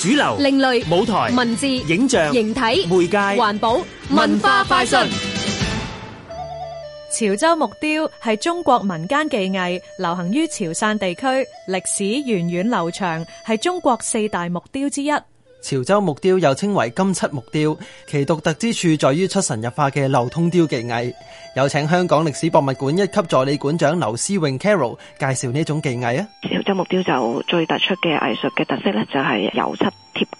主流、另類、舞台、文字、影像、形體、媒介、環保、文化快訊。潮州木雕係中國民間技藝，流行於潮汕地區，歷史源遠流長，係中國四大木雕之一。潮州木雕又稱為金漆木雕，其獨特之處在於出神入化嘅鏤通雕技藝。有請香港歷史博物館一級助理館長劉思穎 Carol 介紹呢種技藝啊！潮州木雕就最突出嘅藝術嘅特色咧，就係油漆貼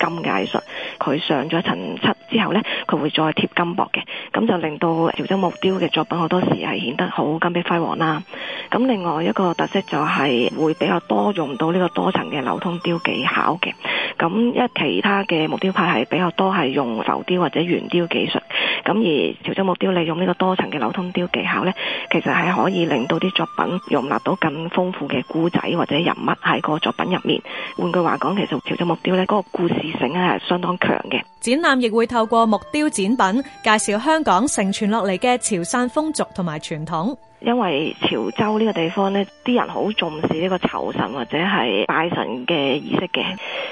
金嘅藝術。佢上咗層漆之後咧，佢會再貼金箔嘅，咁就令到潮州木雕嘅作品好多時係顯得好金碧輝煌啦。咁另外一個特色就係會比較多用到呢個多層嘅鏤通雕技巧嘅。咁一其他嘅木雕派系比較多，係用浮雕或者圓雕技術。咁而潮州木雕利用呢個多層嘅鏤通雕技巧咧，其實係可以令到啲作品容納到更豐富嘅古仔或者人物喺個作品入面。換句話講，其實潮州木雕咧嗰個故事性係相當強嘅。展覽亦會透過木雕展品介紹香港承傳落嚟嘅潮汕風俗同埋傳統，因為潮州呢個地方咧，啲人好重視呢個酬神或者係拜神嘅儀式嘅。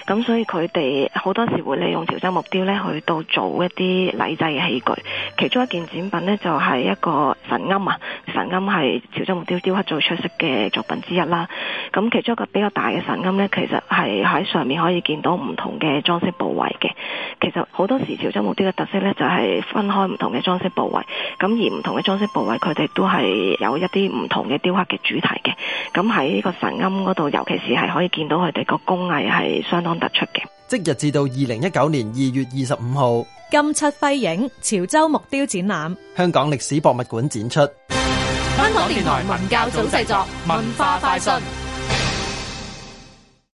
咁所以佢哋好多時會利用潮州木雕咧去到做一啲禮制嘅器具，其中一件展品咧就係、是、一個神龕啊。神龕係潮州木雕雕刻最出色嘅作品之一啦。咁其中一個比較大嘅神龕呢，其實係喺上面可以見到唔同嘅裝飾部位嘅。其實好多時潮州木雕嘅特色呢，就係分開唔同嘅裝飾部位。咁而唔同嘅裝飾部位，佢哋都係有一啲唔同嘅雕刻嘅主題嘅。咁喺呢個神龕嗰度，尤其是係可以見到佢哋個工藝係相當突出嘅。即日至到二零一九年二月二十五號，《金漆輝映潮州木雕展覽》香港歷史博物館展出。香港電台文教組製作，文化快訊。